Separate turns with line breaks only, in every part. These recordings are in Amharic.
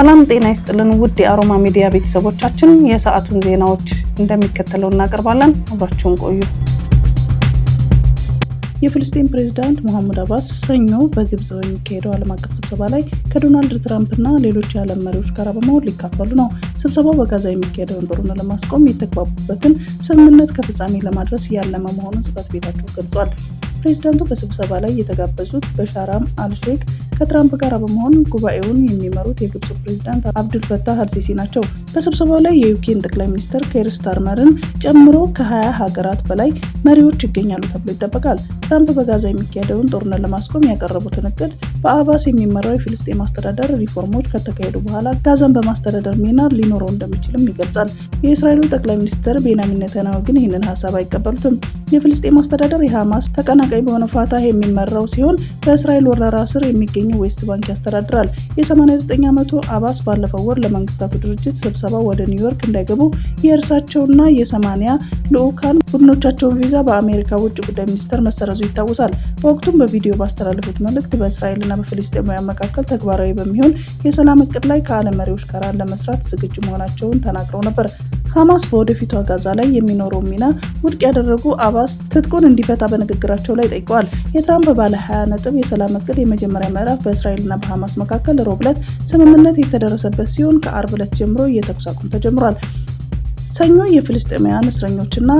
ሰላም ጤና ይስጥልን ውድ የአሮማ ሚዲያ ቤተሰቦቻችን፣ የሰዓቱን ዜናዎች እንደሚከተለው እናቀርባለን። አብራችሁን ቆዩ። የፍልስጤን ፕሬዚዳንት መሐሙድ አባስ ሰኞ በግብፅ በሚካሄደው ዓለም አቀፍ ስብሰባ ላይ ከዶናልድ ትራምፕ እና ሌሎች የዓለም መሪዎች ጋር በመሆን ሊካፈሉ ነው። ስብሰባው በጋዛ የሚካሄደውን ጦርነት ለማስቆም የተግባቡበትን ስምምነት ከፍጻሜ ለማድረስ ያለመ መሆኑን ጽፈት ቤታቸው ገልጿል። ፕሬዚዳንቱ በስብሰባ ላይ የተጋበዙት በሻራም አልሼክ ከትራምፕ ጋር በመሆን ጉባኤውን የሚመሩት የግብፁ ፕሬዚዳንት አብዱልፈታህ አልሲሲ ናቸው። በስብሰባው ላይ የዩኬን ጠቅላይ ሚኒስትር ኬር ስታርመርን ጨምሮ ከ20 ሀገራት በላይ መሪዎች ይገኛሉ ተብሎ ይጠበቃል። ትራምፕ በጋዛ የሚካሄደውን ጦርነት ለማስቆም ያቀረቡትን እቅድ በአባስ የሚመራው የፊልስጤም አስተዳደር ሪፎርሞች ከተካሄዱ በኋላ ጋዛን በማስተዳደር ሚና ሊኖረው እንደሚችልም ይገልጻል። የእስራኤሉ ጠቅላይ ሚኒስትር ቤንያሚን ኔታንያሁ ግን ይህንን ሀሳብ አይቀበሉትም። የፊልስጤም አስተዳደር የሐማስ ተቀናቃይ በሆነ ፋታህ የሚመራው ሲሆን በእስራኤል ወረራ ስር የሚገኘው ዌስት ባንክ ያስተዳድራል። የ89 ዓመቱ አባስ ባለፈው ወር ለመንግስታቱ ድርጅት ስብሰ ስብሰባ ወደ ኒውዮርክ እንዳይገቡ የእርሳቸውና የሰማኒያ ልዑካን ቡድኖቻቸውን ቪዛ በአሜሪካ ውጭ ጉዳይ ሚኒስቴር መሰረዙ ይታወሳል። በወቅቱም በቪዲዮ ባስተላለፉት መልእክት በእስራኤልና በፍልስጤማውያን መካከል ተግባራዊ በሚሆን የሰላም እቅድ ላይ ከዓለም መሪዎች ጋር ለመስራት ዝግጁ መሆናቸውን ተናግረው ነበር። ሐማስ በወደፊቱ ጋዛ ላይ የሚኖረው ሚና ውድቅ ያደረጉ አባስ ትጥቁን እንዲፈታ በንግግራቸው ላይ ጠይቀዋል። የትራምፕ ባለ 20 ነጥብ የሰላም እቅድ የመጀመሪያ ምዕራፍ በእስራኤልና በሐማስ መካከል ሮብ ዕለት ስምምነት የተደረሰበት ሲሆን ከአርብ ዕለት ጀምሮ የተኩስ አቁም ተጀምሯል። ሰኞ የፍልስጤማውያን እስረኞችና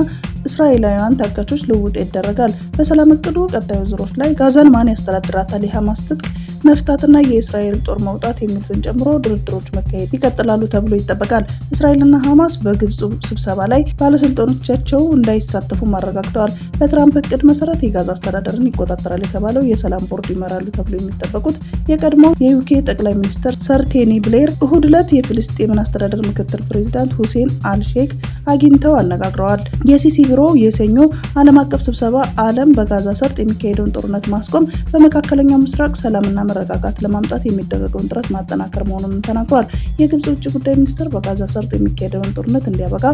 እስራኤላውያን ታጋቾች ልውውጥ ይደረጋል። በሰላም እቅዱ ቀጣዩ ዙሮች ላይ ጋዛን ማን ያስተዳድራታል? የሐማስ ትጥቅ መፍታትና የእስራኤል ጦር መውጣት የሚሉትን ጨምሮ ድርድሮች መካሄድ ይቀጥላሉ ተብሎ ይጠበቃል። እስራኤልና ሐማስ በግብፁ ስብሰባ ላይ ባለስልጣኖቻቸው እንዳይሳተፉ አረጋግጠዋል። በትራምፕ እቅድ መሰረት የጋዛ አስተዳደርን ይቆጣጠራል የተባለው የሰላም ቦርድ ይመራሉ ተብሎ የሚጠበቁት የቀድሞ የዩኬ ጠቅላይ ሚኒስትር ሰርቴኒ ብሌር እሁድ ዕለት የፍልስጤምን አስተዳደር ምክትል ፕሬዚዳንት ሁሴን አልሼክ አግኝተው አነጋግረዋል። የሲሲ ቢሮ የሰኞ ዓለም አቀፍ ስብሰባ ዓለም በጋዛ ሰርጥ የሚካሄደውን ጦርነት ማስቆም፣ በመካከለኛው ምስራቅ ሰላምና መረጋጋት ለማምጣት የሚደረገውን ጥረት ማጠናከር መሆኑንም ተናግሯል። የግብጽ ውጭ ጉዳይ ሚኒስትር በጋዛ ሰርጥ የሚካሄደውን ጦርነት እንዲያበቃ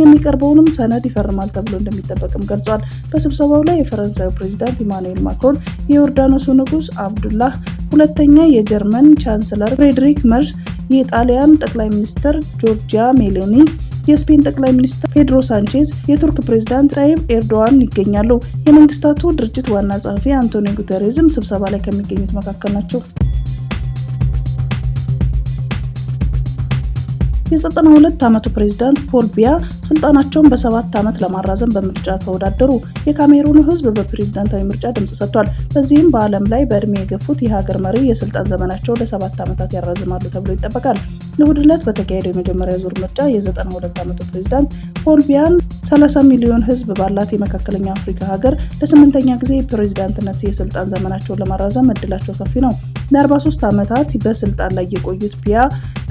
የሚቀርበውንም ሰነድ ይፈርማል ተብሎ እንደሚጠበቅም ገልጿል። በስብሰባው ላይ የፈረንሳዩ ፕሬዚዳንት ኢማኑኤል ማክሮን፣ የዮርዳኖሱ ንጉስ አብዱላህ ሁለተኛ፣ የጀርመን ቻንስለር ፍሬድሪክ መርስ፣ የጣሊያን ጠቅላይ ሚኒስትር ጆርጂያ ሜሎኒ የስፔን ጠቅላይ ሚኒስትር ፔድሮ ሳንቼዝ፣ የቱርክ ፕሬዚዳንት ጣይብ ኤርዶዋን ይገኛሉ። የመንግስታቱ ድርጅት ዋና ጸሐፊ አንቶኒዮ ጉተሬዝም ስብሰባ ላይ ከሚገኙት መካከል ናቸው። የዘጠና ሁለት ዓመቱ ፕሬዚዳንት ፖል ቢያ ስልጣናቸውን በሰባት ዓመት ለማራዘም በምርጫ ተወዳደሩ። የካሜሩኑ ሕዝብ በፕሬዝዳንታዊ ምርጫ ድምፅ ሰጥቷል። በዚህም በዓለም ላይ በእድሜ የገፉት የሀገር መሪ የስልጣን ዘመናቸው ለሰባት ዓመታት ያራዝማሉ ተብሎ ይጠበቃል። እሁድ ዕለት በተካሄደው የመጀመሪያ ዙር ምርጫ የ92 ዓመቱ ፕሬዚዳንት ፖል ቢያን 30 ሚሊዮን ሕዝብ ባላት የመካከለኛ አፍሪካ ሀገር ለስምንተኛ ጊዜ የፕሬዚዳንትነት የስልጣን ዘመናቸውን ለማራዘም እድላቸው ሰፊ ነው። ለ43 ዓመታት በስልጣን ላይ የቆዩት ቢያ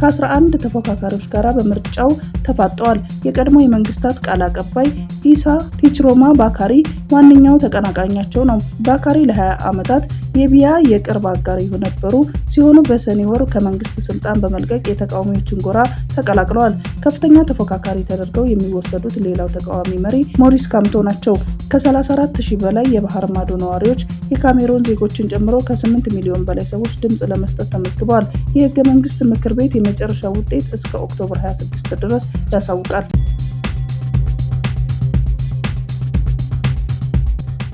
ከ11 ተፎካካሪዎች ጋር በምርጫው ተፋጠዋል። የቀድሞ የመንግስታት ቃል አቀባይ ኢሳ ቲችሮማ ባካሪ ዋነኛው ተቀናቃኛቸው ነው። ባካሪ ለ20 ዓመታት የቢያ የቅርብ አጋር የነበሩ ሲሆኑ በሰኔ ወር ከመንግስት ስልጣን በመልቀቅ የተቃዋሚዎችን ጎራ ተቀላቅለዋል። ከፍተኛ ተፎካካሪ ተደርገው የሚወሰዱት ሌላው ተቃዋሚ መሪ ሞሪስ ካምቶ ናቸው። ከ34 ሺህ በላይ የባህር ማዶ ነዋሪዎች የካሜሮን ዜጎችን ጨምሮ ከ8 ሚሊዮን በላይ ሰዎች ድምፅ ለመስጠት ተመዝግበዋል። የህገ መንግስት ምክር ቤት የመጨረሻ ውጤት እስከ ኦክቶበር 26 ድረስ ያሳውቃል።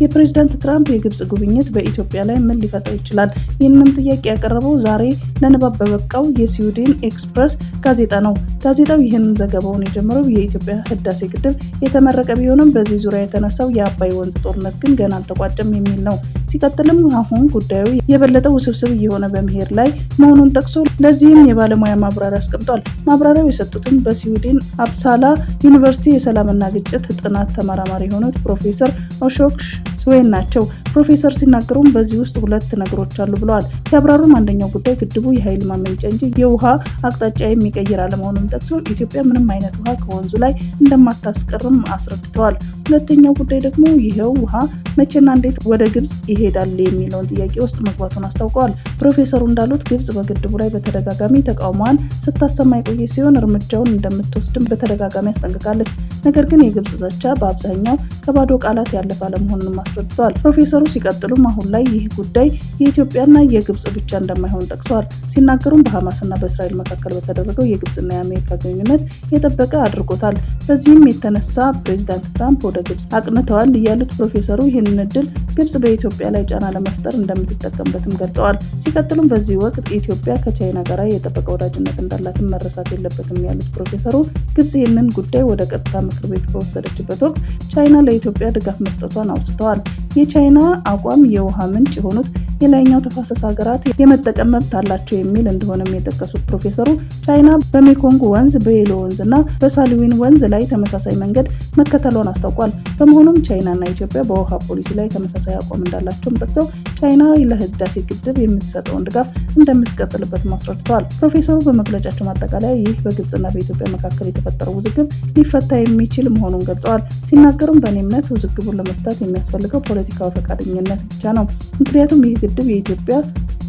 የፕሬዝዳንት ትራምፕ የግብጽ ጉብኝት በኢትዮጵያ ላይ ምን ሊፈጥር ይችላል? ይህንንም ጥያቄ ያቀረበው ዛሬ ለንባብ በበቃው የስዊድን ኤክስፕረስ ጋዜጣ ነው። ጋዜጣው ይህንን ዘገባውን የጀመረው የኢትዮጵያ ህዳሴ ግድብ የተመረቀ ቢሆንም በዚህ ዙሪያ የተነሳው የአባይ ወንዝ ጦርነት ግን ገና አልተቋጨም የሚል ነው። ሲቀጥልም አሁን ጉዳዩ የበለጠ ውስብስብ እየሆነ በመሄድ ላይ መሆኑን ጠቅሶ ለዚህም የባለሙያ ማብራሪያ አስቀምጧል። ማብራሪያው የሰጡትም በስዊድን አፕሳላ ዩኒቨርሲቲ የሰላምና ግጭት ጥናት ተመራማሪ የሆኑት ፕሮፌሰር ኦሾክሽ ስዌን ናቸው። ፕሮፌሰር ሲናገሩም በዚህ ውስጥ ሁለት ነገሮች አሉ ብለዋል። ሲያብራሩም አንደኛው ጉዳይ ግድቡ የኃይል ማመንጫ እንጂ የውሃ አቅጣጫ የሚቀይር አለመሆኑን ጠቅሰው ኢትዮጵያ ምንም አይነት ውሃ ከወንዙ ላይ እንደማታስቀርም አስረድተዋል። ሁለተኛው ጉዳይ ደግሞ ይኸው ውሃ መቼና እንዴት ወደ ግብጽ ይሄዳል የሚለውን ጥያቄ ውስጥ መግባቱን አስታውቀዋል። ፕሮፌሰሩ እንዳሉት ግብጽ በግድቡ ላይ በተደጋጋሚ ተቃውሟን ስታሰማ የቆየ ሲሆን እርምጃውን እንደምትወስድም በተደጋጋሚ አስጠንቅቃለች። ነገር ግን የግብጽ ዘቻ በአብዛኛው ከባዶ ቃላት ያለፈ አለመሆኑንም አስረድተዋል። ፕሮፌሰሩ ሲቀጥሉም አሁን ላይ ይህ ጉዳይ የኢትዮጵያና የግብጽ ብቻ እንደማይሆን ጠቅሰዋል። ሲናገሩም በሐማስና በእስራኤል መካከል በተደረገው የግብፅና የአሜሪካ ግንኙነት የጠበቀ አድርጎታል። በዚህም የተነሳ ፕሬዚዳንት ትራምፕ ወደ ወደ ግብጽ አቅንተዋል እያሉት ፕሮፌሰሩ ይህንን እድል ግብጽ በኢትዮጵያ ላይ ጫና ለመፍጠር እንደምትጠቀምበትም ገልጸዋል። ሲቀጥሉም በዚህ ወቅት ኢትዮጵያ ከቻይና ጋር የጠበቀ ወዳጅነት እንዳላትን መረሳት የለበትም ያሉት ፕሮፌሰሩ ግብጽ ይህንን ጉዳይ ወደ ቀጥታ ምክር ቤት በወሰደችበት ወቅት ቻይና ለኢትዮጵያ ድጋፍ መስጠቷን አውስተዋል። የቻይና አቋም የውሃ ምንጭ የሆኑት የላይኛው ተፋሰስ ሀገራት የመጠቀም መብት አላቸው የሚል እንደሆነም የጠቀሱት ፕሮፌሰሩ ቻይና በሜኮንግ ወንዝ፣ በሄሎ ወንዝ እና በሳልዊን ወንዝ ላይ ተመሳሳይ መንገድ መከተሏን አስታውቋል። በመሆኑም ቻይናና ኢትዮጵያ በውሃ ፖሊሲ ላይ ተመሳሳይ አቋም እንዳላቸውም ጠቅሰው ቻይና ለህዳሴ ግድብ የምትሰጠውን ድጋፍ እንደምትቀጥልበት ማስረድተዋል። ፕሮፌሰሩ በመግለጫቸው ማጠቃለያ ይህ በግብፅና በኢትዮጵያ መካከል የተፈጠረው ውዝግብ ሊፈታ የሚችል መሆኑን ገልጸዋል። ሲናገሩም በእኔ እምነት ውዝግቡን ለመፍታት የሚያስፈልገው ፖለቲካዊ ፈቃደኝነት ብቻ ነው። ምክንያቱም ይህ ግድብ የኢትዮጵያ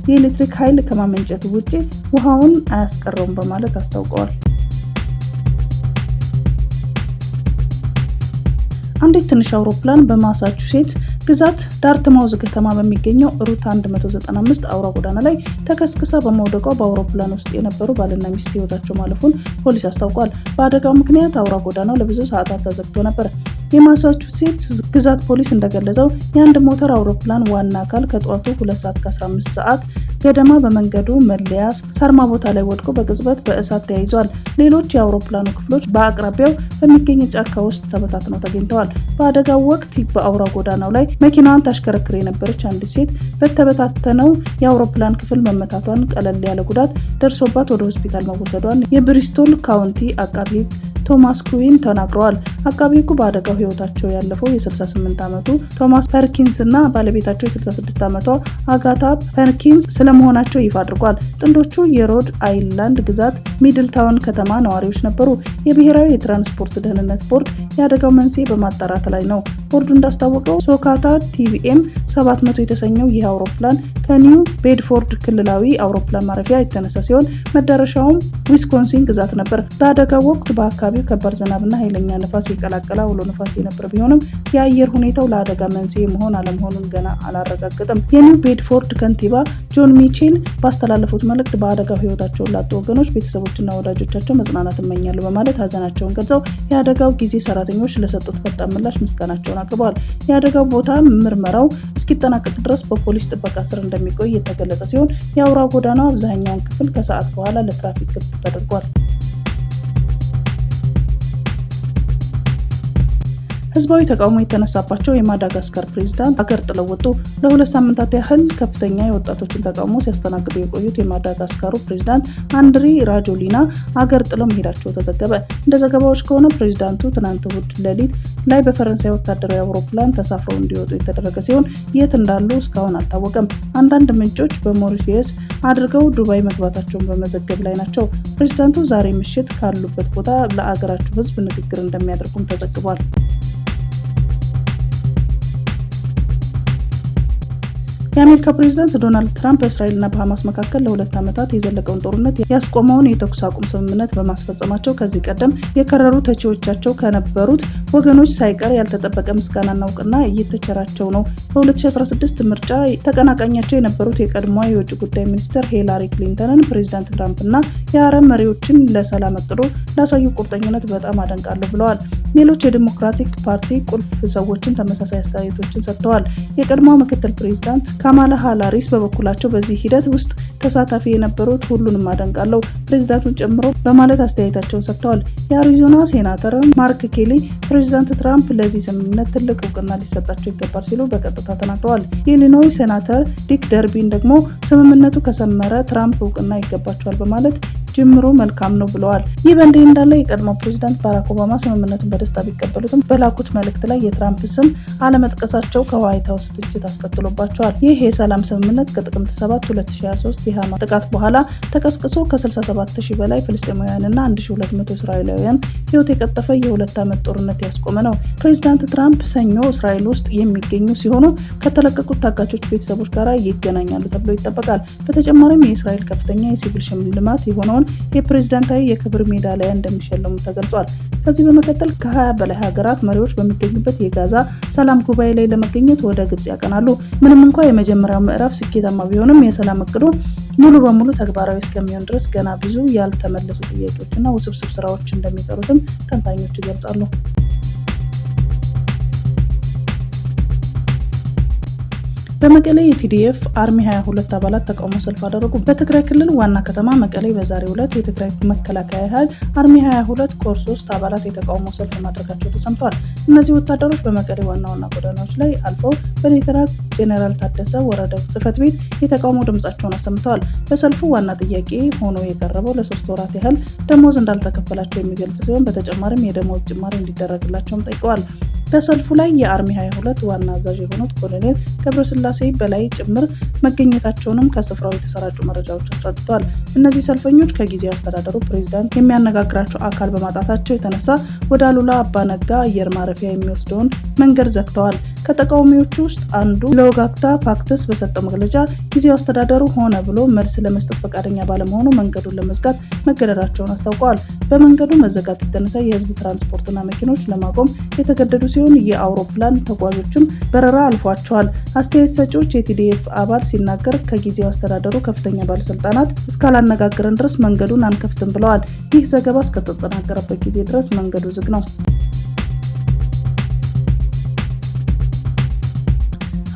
የኤሌክትሪክ ኃይል ከማመንጨቱ ውጪ ውሃውን አያስቀረውም በማለት አስታውቀዋል። አንዲት ትንሽ አውሮፕላን ሴት ግዛት ዳርትማውዝ ከተማ በሚገኘው ሩት 195 አውራ ጎዳና ላይ ተከስክሳ በመውደቋ በአውሮፕላን ውስጥ የነበሩ ባልና ሚስት ሕይወታቸው ማለፉን ፖሊስ አስታውቋል። በአደጋው ምክንያት አውራ ጎዳናው ለብዙ ሰዓታት ተዘግቶ ነበር። የማሳቹሴትስ ግዛት ፖሊስ እንደገለጸው የአንድ ሞተር አውሮፕላን ዋና አካል ከጠዋቱ 2 ሰዓት ከ15 ሰዓት ገደማ በመንገዱ መለያ ሳርማ ቦታ ላይ ወድቆ በቅጽበት በእሳት ተያይዟል። ሌሎች የአውሮፕላኑ ክፍሎች በአቅራቢያው በሚገኝ ጫካ ውስጥ ተበታትነው ተገኝተዋል። በአደጋው ወቅት በአውራ ጎዳናው ላይ መኪናዋን ታሽከረክር የነበረች አንዲት ሴት በተበታተነው የአውሮፕላን ክፍል መመታቷን፣ ቀለል ያለ ጉዳት ደርሶባት ወደ ሆስፒታል መወሰዷን የብሪስቶል ካውንቲ አቃቢ ቶማስ ኩዊን ተናግረዋል። አቃቢ ሕጉ በአደጋው ህይወታቸው ያለፈው የ68 ዓመቱ ቶማስ ፐርኪንስ እና ባለቤታቸው የ66 ዓመቷ አጋታ ፐርኪንስ ስለመሆናቸው ይፋ አድርጓል። ጥንዶቹ የሮድ አይላንድ ግዛት ሚድልታውን ከተማ ነዋሪዎች ነበሩ። የብሔራዊ የትራንስፖርት ደህንነት ቦርድ የአደጋው መንስኤ በማጣራት ላይ ነው። ቦርዱ እንዳስታወቀው ሶካታ ቲቪኤም 700 የተሰኘው ይህ አውሮፕላን ከኒው ቤድፎርድ ክልላዊ አውሮፕላን ማረፊያ የተነሳ ሲሆን መዳረሻውም ዊስኮንሲን ግዛት ነበር። በአደጋው ወቅት በአካባቢው ከባድ ዝናብና ኃይለኛ ንፋስ የቀላቀለ አውሎ ንፋስ የነበር ቢሆንም የአየር ሁኔታው ለአደጋ መንስኤ መሆን አለመሆኑን ገና አላረጋገጠም። የኒው ቤድፎርድ ከንቲባ ጆን ሚቼል ባስተላለፉት መልእክት በአደጋው ህይወታቸውን ላጡ ወገኖች ቤተሰቦችና ወዳጆቻቸው መጽናናት እመኛሉ በማለት ሀዘናቸውን ገልጸው የአደጋው ጊዜ ሰራ ሰራተኞች ለሰጡት ፈጣን ምላሽ ምስጋናቸውን አቅርበዋል። የአደጋው ቦታ ምርመራው እስኪጠናቀቅ ድረስ በፖሊስ ጥበቃ ስር እንደሚቆይ የተገለጸ ሲሆን የአውራ ጎዳናው አብዛኛውን ክፍል ከሰዓት በኋላ ለትራፊክ ክፍት ተደርጓል። ህዝባዊ ተቃውሞ የተነሳባቸው የማዳጋስካር ፕሬዚዳንት አገር ጥለው ወጡ። ለሁለት ሳምንታት ያህል ከፍተኛ የወጣቶችን ተቃውሞ ሲያስተናግዱ የቆዩት የማዳጋስካሩ ፕሬዚዳንት አንድሪ ራጆሊና አገር ጥለው መሄዳቸው ተዘገበ። እንደ ዘገባዎች ከሆነ ፕሬዚዳንቱ ትናንት እሁድ ሌሊት ላይ በፈረንሳይ ወታደራዊ አውሮፕላን ተሳፍረው እንዲወጡ የተደረገ ሲሆን የት እንዳሉ እስካሁን አልታወቀም። አንዳንድ ምንጮች በሞሪሼስ አድርገው ዱባይ መግባታቸውን በመዘገብ ላይ ናቸው። ፕሬዚዳንቱ ዛሬ ምሽት ካሉበት ቦታ ለአገራቸው ህዝብ ንግግር እንደሚያደርጉም ተዘግቧል። የአሜሪካ ፕሬዚዳንት ዶናልድ ትራምፕ በእስራኤልና በሐማስ መካከል ለሁለት ዓመታት የዘለቀውን ጦርነት ያስቆመውን የተኩስ አቁም ስምምነት በማስፈጸማቸው ከዚህ ቀደም የከረሩ ተቺዎቻቸው ከነበሩት ወገኖች ሳይቀር ያልተጠበቀ ምስጋና እናውቅና እየተቸራቸው ነው። በ2016 ምርጫ ተቀናቃኛቸው የነበሩት የቀድሞ የውጭ ጉዳይ ሚኒስትር ሂላሪ ክሊንተንን ፕሬዚዳንት ትራምፕና የአረብ መሪዎችን ለሰላም እቅዶ ላሳዩ ቁርጠኝነት በጣም አደንቃለሁ ብለዋል። ሌሎች የዲሞክራቲክ ፓርቲ ቁልፍ ሰዎችን ተመሳሳይ አስተያየቶችን ሰጥተዋል። የቀድሞ ምክትል ፕሬዚዳንት ካማላ ሃላሪስ በበኩላቸው በዚህ ሂደት ውስጥ ተሳታፊ የነበሩት ሁሉንም አደንቃለሁ፣ ፕሬዚዳንቱን ጨምሮ በማለት አስተያየታቸውን ሰጥተዋል። የአሪዞና ሴናተር ማርክ ኬሊ ፕሬዚዳንት ትራምፕ ለዚህ ስምምነት ትልቅ እውቅና ሊሰጣቸው ይገባል ሲሉ በቀጥታ ተናግረዋል። የኢሊኖይ ሴናተር ዲክ ደርቢን ደግሞ ስምምነቱ ከሰመረ ትራምፕ እውቅና ይገባቸዋል በማለት ጅምሮ መልካም ነው ብለዋል። ይህ በእንዲህ እንዳለ የቀድሞ ፕሬዚዳንት ባራክ ኦባማ ስምምነቱን በደስታ ቢቀበሉትም በላኩት መልእክት ላይ የትራምፕ ስም አለመጥቀሳቸው ከዋይት ሀውስ ትችት አስከትሎባቸዋል። ይህ የሰላም ስምምነት ከጥቅምት 7 2023 የሐማስ ጥቃት በኋላ ተቀስቅሶ ከ67 ሺህ በላይ ፍልስጤማውያንና 1200 እስራኤላውያን ህይወት የቀጠፈ የሁለት ዓመት ጦርነት ያስቆመ ነው። ፕሬዚዳንት ትራምፕ ሰኞ እስራኤል ውስጥ የሚገኙ ሲሆኑ ከተለቀቁት ታጋቾች ቤተሰቦች ጋር ይገናኛሉ ተብሎ ይጠበቃል። በተጨማሪም የእስራኤል ከፍተኛ የሲቪል ሽልማት የሆነው የሆነውን የፕሬዝዳንታዊ የክብር ሜዳሊያ እንደሚሸልሙ ተገልጿል። ከዚህ በመቀጠል ከ20 በላይ ሀገራት መሪዎች በሚገኙበት የጋዛ ሰላም ጉባኤ ላይ ለመገኘት ወደ ግብጽ ያቀናሉ። ምንም እንኳ የመጀመሪያው ምዕራፍ ስኬታማ ቢሆንም የሰላም እቅዱ ሙሉ በሙሉ ተግባራዊ እስከሚሆን ድረስ ገና ብዙ ያልተመለሱ ጥያቄዎችና ውስብስብ ስራዎች እንደሚቀሩትም ተንታኞች ይገልጻሉ። በመቀሌ የቲዲኤፍ አርሚ 22 አባላት ተቃውሞ ሰልፍ አደረጉ። በትግራይ ክልል ዋና ከተማ መቀሌ በዛሬው ዕለት የትግራይ መከላከያ ኃይል አርሚ 22 ኮር 3 አባላት የተቃውሞ ሰልፍ ማድረጋቸው ተሰምተዋል። እነዚህ ወታደሮች በመቀሌ ዋና ዋና ጎዳናዎች ላይ አልፈው በሌተናል ጄኔራል ታደሰ ወረደ ጽህፈት ቤት የተቃውሞ ድምጻቸውን አሰምተዋል። በሰልፉ ዋና ጥያቄ ሆኖ የቀረበው ለሶስት ወራት ያህል ደሞዝ እንዳልተከፈላቸው የሚገልጽ ሲሆን በተጨማሪም የደሞዝ ጭማሪ እንዲደረግላቸውም ጠይቀዋል። በሰልፉ ላይ የአርሚ 22 ዋና አዛዥ የሆኑት ኮሎኔል ገብረስላሴ በላይ ጭምር መገኘታቸውንም ከስፍራው የተሰራጩ መረጃዎች አስረድተዋል። እነዚህ ሰልፈኞች ከጊዜ አስተዳደሩ ፕሬዚዳንት የሚያነጋግራቸው አካል በማጣታቸው የተነሳ ወደ አሉላ አባነጋ አየር ማረፊያ የሚወስደውን መንገድ ዘግተዋል። ከተቃዋሚዎቹ ውስጥ አንዱ ለወጋግታ ፋክትስ በሰጠው መግለጫ ጊዜው አስተዳደሩ ሆነ ብሎ መልስ ለመስጠት ፈቃደኛ ባለመሆኑ መንገዱን ለመዝጋት መገደዳቸውን አስታውቀዋል። በመንገዱ መዘጋት የተነሳ የህዝብ ትራንስፖርትና መኪኖች ለማቆም የተገደዱ ሲሆን የአውሮፕላን ተጓዦችም በረራ አልፏቸዋል። አስተያየት ሰጪዎች የቲዲኤፍ አባል ሲናገር ከጊዜው አስተዳደሩ ከፍተኛ ባለስልጣናት እስካላነጋገረን ድረስ መንገዱን አንከፍትም ብለዋል። ይህ ዘገባ እስከተጠናቀረበት ጊዜ ድረስ መንገዱ ዝግ ነው።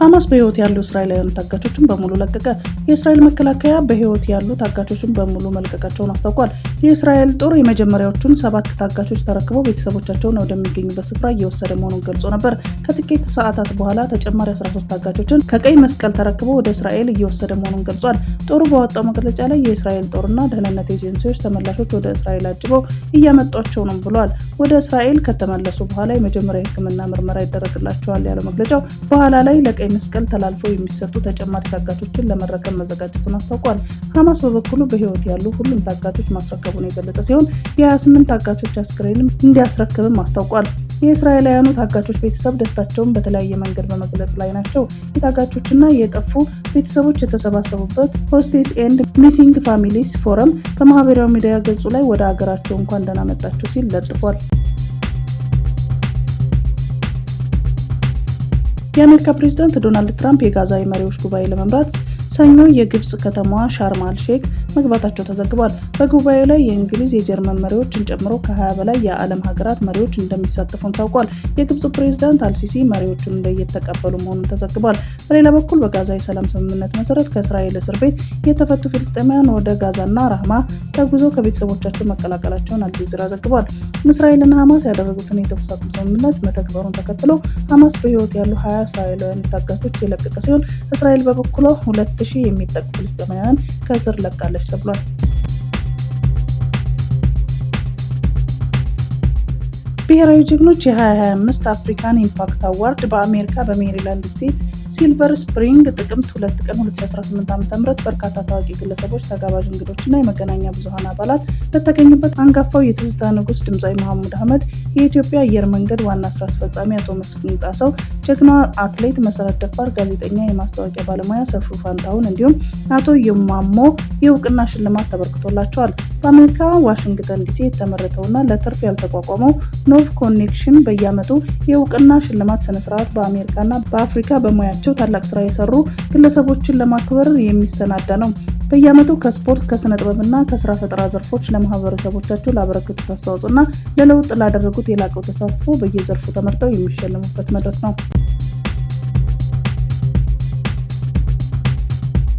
ሐማስ በህይወት ያሉ እስራኤላውያን ታጋቾችን በሙሉ ለቀቀ። የእስራኤል መከላከያ በህይወት ያሉ ታጋቾችን በሙሉ መልቀቃቸውን አስታውቋል። የእስራኤል ጦር የመጀመሪያዎቹን ሰባት ታጋቾች ተረክበው ቤተሰቦቻቸውን ወደሚገኙበት ስፍራ እየወሰደ መሆኑን ገልጾ ነበር። ከጥቂት ሰዓታት በኋላ ተጨማሪ 13 ታጋቾችን ከቀይ መስቀል ተረክበው ወደ እስራኤል እየወሰደ መሆኑን ገልጿል። ጦሩ በወጣው መግለጫ ላይ የእስራኤል ጦርና ደህንነት ኤጀንሲዎች ተመላሾች ወደ እስራኤል አጅበው እያመጧቸው ነው ብሏል። ወደ እስራኤል ከተመለሱ በኋላ የመጀመሪያ ህክምና ምርመራ ይደረግላቸዋል ያለው መግለጫው በኋላ ላይ ለቀይ መስቀል ተላልፈው የሚሰጡ ተጨማሪ ታጋቾችን ለመረከብ መዘጋጀቱን አስታውቋል። ሐማስ በበኩሉ በህይወት ያሉ ሁሉም ታጋቾች ማስረከቡን የገለጸ ሲሆን የ28 ታጋቾች አስክሬንም እንዲያስረክብም አስታውቋል። የእስራኤላውያኑ ታጋቾች ቤተሰብ ደስታቸውን በተለያየ መንገድ በመግለጽ ላይ ናቸው። የታጋቾችና የጠፉ ቤተሰቦች የተሰባሰቡበት ሆስቴስ ኤንድ ሚሲንግ ፋሚሊስ ፎረም በማህበራዊ ሚዲያ ገጹ ላይ ወደ አገራቸው እንኳን ደህና መጣችሁ ሲል ለጥፏል። የአሜሪካ ፕሬዚዳንት ዶናልድ ትራምፕ የጋዛ የመሪዎች ጉባኤ ለመምራት ሰኞ የግብጽ ከተማ ሻርማል ሼክ መግባታቸው ተዘግቧል። በጉባኤው ላይ የእንግሊዝ፣ የጀርመን መሪዎችን ጨምሮ ከ20 በላይ የዓለም ሀገራት መሪዎች እንደሚሳተፉም ታውቋል። የግብፁ ፕሬዚዳንት አልሲሲ መሪዎቹን እንደየተቀበሉ መሆኑን ተዘግቧል። በሌላ በኩል በጋዛ የሰላም ስምምነት መሰረት ከእስራኤል እስር ቤት የተፈቱ ፍልስጤማውያን ወደ ጋዛና ራህማ ተጉዞ ከቤተሰቦቻቸው መቀላቀላቸውን አልጀዚራ ዘግቧል። እስራኤልና ሀማስ ያደረጉትን የተኩስ አቁም ስምምነት መተግበሩን ተከትሎ ሀማስ በህይወት ያሉ ሀያ እስራኤላውያን ታጋቾች የለቀቀ ሲሆን እስራኤል በበኩሏ ሁለት ሺህ የሚጠጉ ፍልስጤማውያን ከእስር ለቃለች ተብሏል። ብሔራዊ ጀግኖች የ2025 አፍሪካን ኢምፓክት አዋርድ በአሜሪካ በሜሪላንድ ስቴት ሲልቨር ስፕሪንግ ጥቅምት 2 ቀን 2018 ም በርካታ ታዋቂ ግለሰቦች፣ ተጋባዥ እንግዶችና የመገናኛ ብዙሃን አባላት በተገኙበት አንጋፋው የትዝታ ንጉስ ድምፃዊ መሐሙድ አህመድ፣ የኢትዮጵያ አየር መንገድ ዋና ስራ አስፈጻሚ አቶ መስፍን ጣሰው፣ ጀግና አትሌት መሰረት ደፋር፣ ጋዜጠኛ፣ የማስታወቂያ ባለሙያ ሰፍሩ ፋንታሁን እንዲሁም አቶ የማሞ የእውቅና ሽልማት ተበርክቶላቸዋል። በአሜሪካ ዋሽንግተን ዲሲ የተመረተውና ለትርፍ ያልተቋቋመው ኖቭ ኮኔክሽን በየዓመቱ የእውቅና ሽልማት ስነስርዓት በአሜሪካና በአፍሪካ በሙያቸው ታላቅ ስራ የሰሩ ግለሰቦችን ለማክበር የሚሰናዳ ነው። በየዓመቱ ከስፖርት ከስነ ጥበብና ከስራ ፈጠራ ዘርፎች ለማህበረሰቦቻቸው ላበረከቱት አስተዋጽኦና ለለውጥ ላደረጉት የላቀው ተሳትፎ በየዘርፉ ተመርጠው የሚሸለሙበት መድረክ ነው።